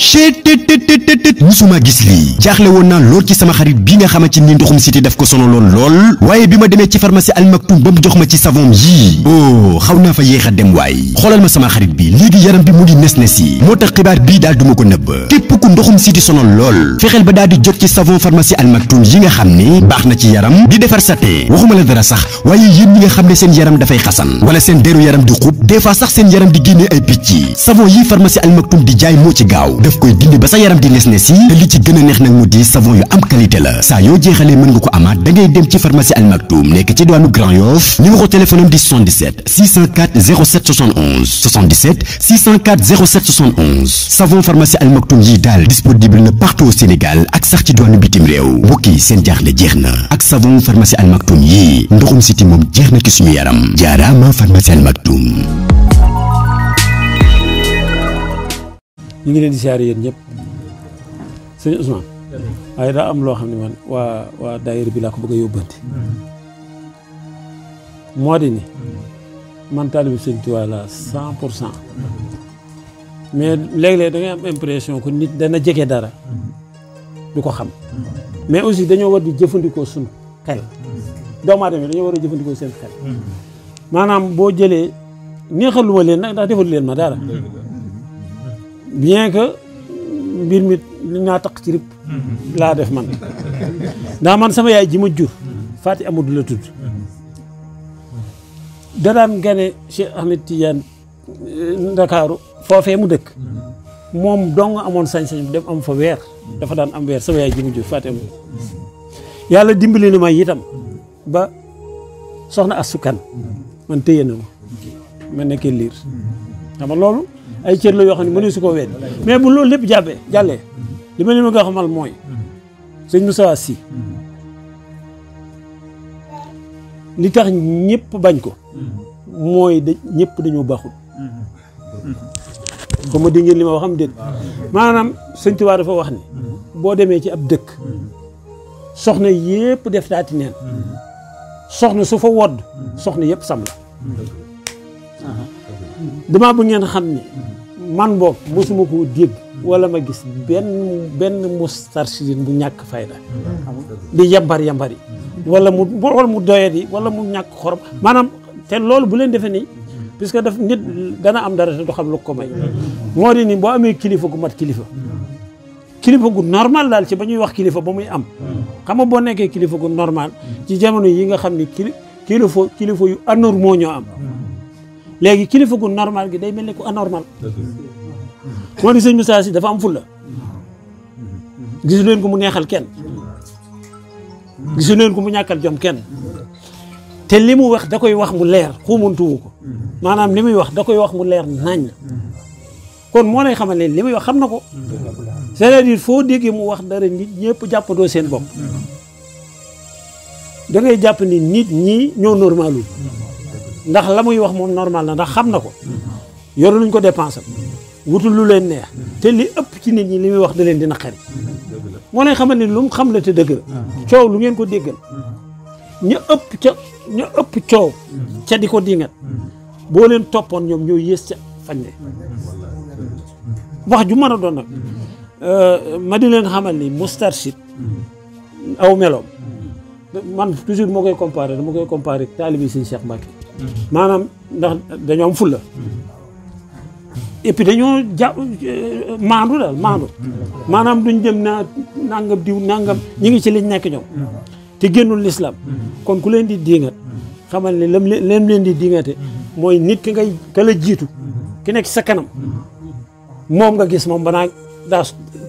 chet tet musuma gis lii jaaxle woon naa lool ci sama xarit bi nga xamante ni ndoxum siti daf ko sonaloon lool waaye bi ma demee ci pharmacie Al Maktoum ba mu jox ma ci savon yii oh xaw naa fa yéex a dem waaye xoolal ma sama xarit bi léegi yaram bi mu ngi nes nes yi moo tax xibaar bii daal duma ko nëbb képp ku ndoxum siti sonal lool fexeel ba daal di jot ci savon pharmacie Al Maktoum yi nga xam ne baax na ci yaram di defar sa tee waxuma la dara sax waaye yéen ñi nga xam ne seen yaram dafay xasan wala seen deru yaram di xub des fois sax seen yaram di génnee ay picc savon yi pharmacie Al Maktoum di jaay moo ci gaaw daf koy dindi ba sa yaram di nes nes a neex nag mu di savon yu am qualité la saa yoo jeexalee mën nga ko amaat da ngay dem ci pharmacie Al Maktoum nekk ci diwaanu Grand di savon pharmacie Al yi daal disponible na partout Sénégal ak sax ci diwaanu bitim réew mbokki seen jaaxle jeex na ak savon pharmacie Al Maktoum yi ndoxum siti moom jeex na ci suñu yaram jaaraama pharmacie Al Maktoum ñi ngi leen di siyaare yeen ñëpp sëñ Ousmane waaye daa am loo xam ne man waa waa daayira bi laa ko bëgg a yóbbante mm-hmm. moo di ni mm-hmm. man taalibi sëñ Tuubaa la cent pour cent mm-hmm. mais léeg-léeg da ngay am impression que nit dana jege dara du ko xam mais aussi dañoo war di jëfandikoo sunu xel doomu aadama dañoo war a jëfandikoo seen xel maanaam boo jëlee neexaluma leen nag ndax defal leen ma dara bien que mbir mi li naa taq ci rib laa def man ndax man sama yaay ji ma jur Faati Amadou la tudd da daan gane Cheikh Ahmed Tidiane eh, Ndakaaru foofee mu dëkk moom dong amoon sañ-sañ bi dem am fa weer dafa daan am weer sama yaay ji ma jur Faati Amadou yàlla dimbali na ma ba soxna Astou Kane man téye na ma ma nekkee liir xam loolu ay cër la yoo xam ne mënee su ko wéen mais bu loolu lépp jàppee jàllee li ma leen ma nga xamal mooy sëñ Moussa Sy li tax ñëpp bañ ko mooy dañu ñëpp dañoo baaxul comme ma di ngeen li ma wax am maanaam sëñ dafa wax ni boo demee ci ab dëkk soxna yëpp def daati neen soxna su fa wodd soxna yëpp sam la dama bu ngeen xamni ni man bok musuma ko deg wala ma gis ben ben mustarshidin bu ñak fayda di yambar yambari wala mu wala mu wala mu ñak xorom manam te loolu bu len defee daf nit dana am dara do xam lu ko may modi ni bo amé kilifa gu mat kilifa kilifa gu normal dal ci bañuy wax kilifa bamuy am xam nga boo nekkee kilifa gu normal ci jamono yi nga xamni kilifa kilifa yu anormo am léegi kilifa gu normal gi day mel ni ku anormal moo di sëñ Moussa si dafa am fulla gisuleen ko mu neexal kenn gisu ko mu ñàkkal jom kenn te li mu wax da koy wax mu leer xuumantuwu ko maanaam li muy wax da koy wax mu leer nañ kon moo lay xamal ne li muy wax xam na ko c'est-à-dire foo déggee mu wax dara nit ñëpp jàppandoo seen bopp dangay ngay jàpp ni nit ñi ñoo normalul ndax la muy wax moom normal na ndax xam na ko yoru luñ ko dépensé wutul lu leen neex te li ëpp ci nit ñi li muy wax da leen dina xari moo leen xamal ne lu mu xam la te dëgg lu ngeen ko déggal ëpp ca ña ëpp ca di ko dingat boo leen toppoon ñoom ñoo yées ca fañ wax ju man a doon nag euh, ma di leen xamal ni mustarshid aw meloom man toujours moo koy comparé dama koy comparé taalibi Sëñ Cheikh Mbacke maanaam ndax dañoo am fulla et dañoo ja maandu daal maandu maanaam duñ jëm naa nangam diw nangam ñi ngi ci liñ nekk ñoom te génnul lislaam kon ku leen di diingat xamal ne lam leen leen di diingate mooy nit ngay ka la jiitu ki nekk sa kanam moom nga gis moom banaa daa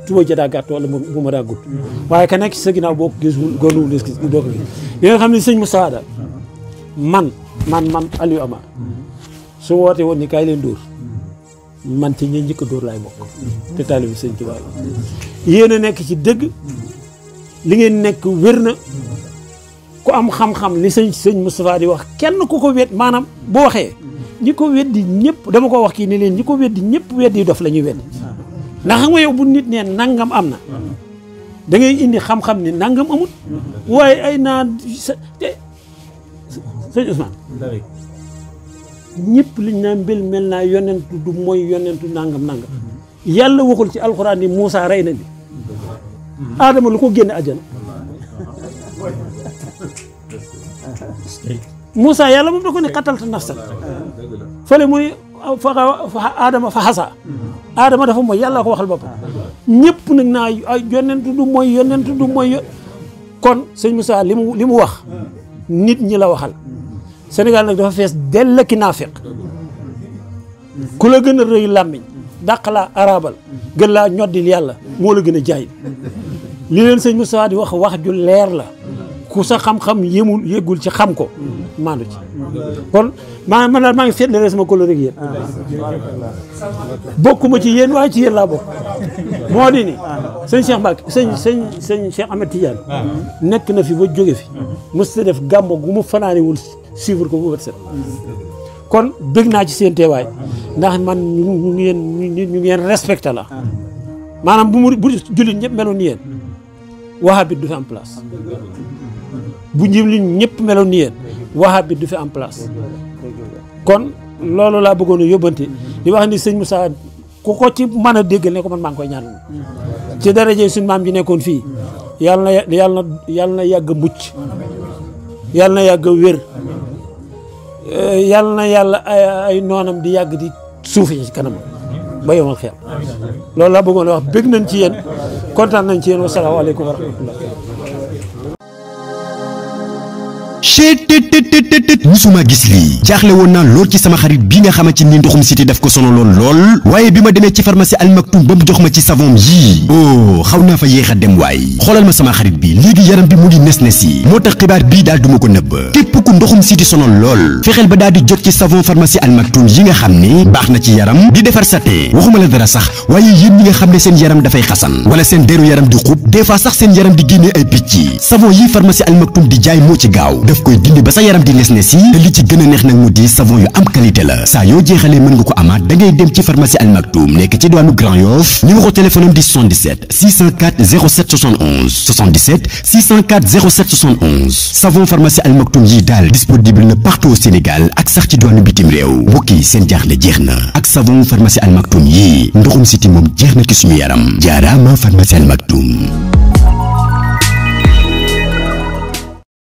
tuba ja daa gàtt wala bu ma daa gudd waaye ka nekk sa ginnaaw boo ko gis góorlu doo ko gis li nga xam ne sëñ Moussa man man man Aliou Ama su woote woon ni kaay leen dóor man ci ñi njëkk dóor laay bokk te taalibi sëñ Tuubaa la a nekk ci dëgg li ngeen nekk wér na ku am xam-xam li sëñ sëñ Moustapha di wax kenn ku ko wet maanaam boo waxee ñi ko weddi ñëpp dama ko wax kii ni leen ñi ko weddi ñëpp weddi dof la ñuy weddi ndax xam yow bu nit nee nangam am na da indi xam-xam ni nangam amut waaye ay naa sëñ Ousmane ñëpp liñ naa mbel mel naa yonentu du mooy yonentu nangam nangam mm-hmm. yàlla waxul ci alxuraan ni Moussa rey na bi aadama mm-hmm. lu ko génne àjjana Moussa yàlla moom da ko ne xatalta nafsa fële mu ne mm-hmm. dafa mooy yàlla ko ah, ñëpp nag naa ay yonentu du mooy kon sëñ musa li mu wax mm. nit ñi la waxal mm. Sénégal nag dafa fees dell ki naafiq ku la gën a rëy làmmiñ dàq laa arabal gën laa ñoddil yàlla moo la gën a jaay li leen sëñ Moustapha wax wax ju leer la ku sa xam-xam yemul ci xam ko maandu ci kon maa man daal maa ngi seetlu sama collègue yéen bokkuma ci yéen waaye ci yéen laa bokk moo di ni sëñ Cheikh Mbacke sëñ sëñ Ahmed Tidiane nekk na fi ba jóge fi mës ta def gàmmo gu mu suivre ko bu bët set kon bëgg naa ci seen teewaay ndax man ñu ngeen ñu ngeen respecté la maanaam bu mu bu jullit ñëpp meloon ni yéen wahabit du fi am place bu jullit ñëpp meloon ni yéen wahabit du fi am place kon loolu laa bëggoon a yóbbante di wax ni sëñ Moussa ku ko ci mën a déggal ne ko man maa ngi koy ñaanal ci daraje suñ maam ji nekkoon fii yàlla na yàlla na yàlla na yàgg mucc yàlla na yàgg wér Eh, yàlla na yàlla ay noonam di yàgg di suuf yi ci kanam ba yomal xel loolu laa bëggoon a wax bég nañ ci yéen kontaan nañ ci yéen wasalaamaaleykum wa rahmatullah chettt musuma gis lii jaaxle woon naa lool ci sama xarit bi nga xamante ni ndoxum siti daf ko sono lool lool waaye bi ma demee ci pharmacie almaktum ba mu jox ma ci savon yii oh xaw naa fa yéex a dem waaye xoolal ma sama xarit bi léegi yaram bi mu ngi nes nes yi moo tax xibaar bii daal duma ko nëbb képp ku ndoxum siti sonal lool fexeel ba daal di jot ci savon pharmacie almaktum yi nga xam ne baax na ci yaram di defar sa tee waxuma la dara sax waaye yéen ñi nga xam ne seen yaram dafay xasan wala seen deru yaram di des fois sax seen yaram di génnee ay picc savon yi pharmacie almaktum di jaay moo ci gaaw daf koy dindi ba sa yaram di nes-nes yi te ci gën a neex nag mu di savon yu am qualité la saa yoo jeexalee mën nga ko amaat da dem ci pharmacie Al Maktoum nekk ci diwaanu Grand Yoff numéro téléphone am di 77 604 07 71 77 604 07 71 savon pharmacie Al Maktoum yi daal disponible na partout au Sénégal ak sax ci diwaanu bitim réew mbokki seen jaaxle jeex na ak savon pharmacie Al Maktoum yi ndoxum siti moom jeex na ci suñu yaram jaaraama pharmacie Al Maktoum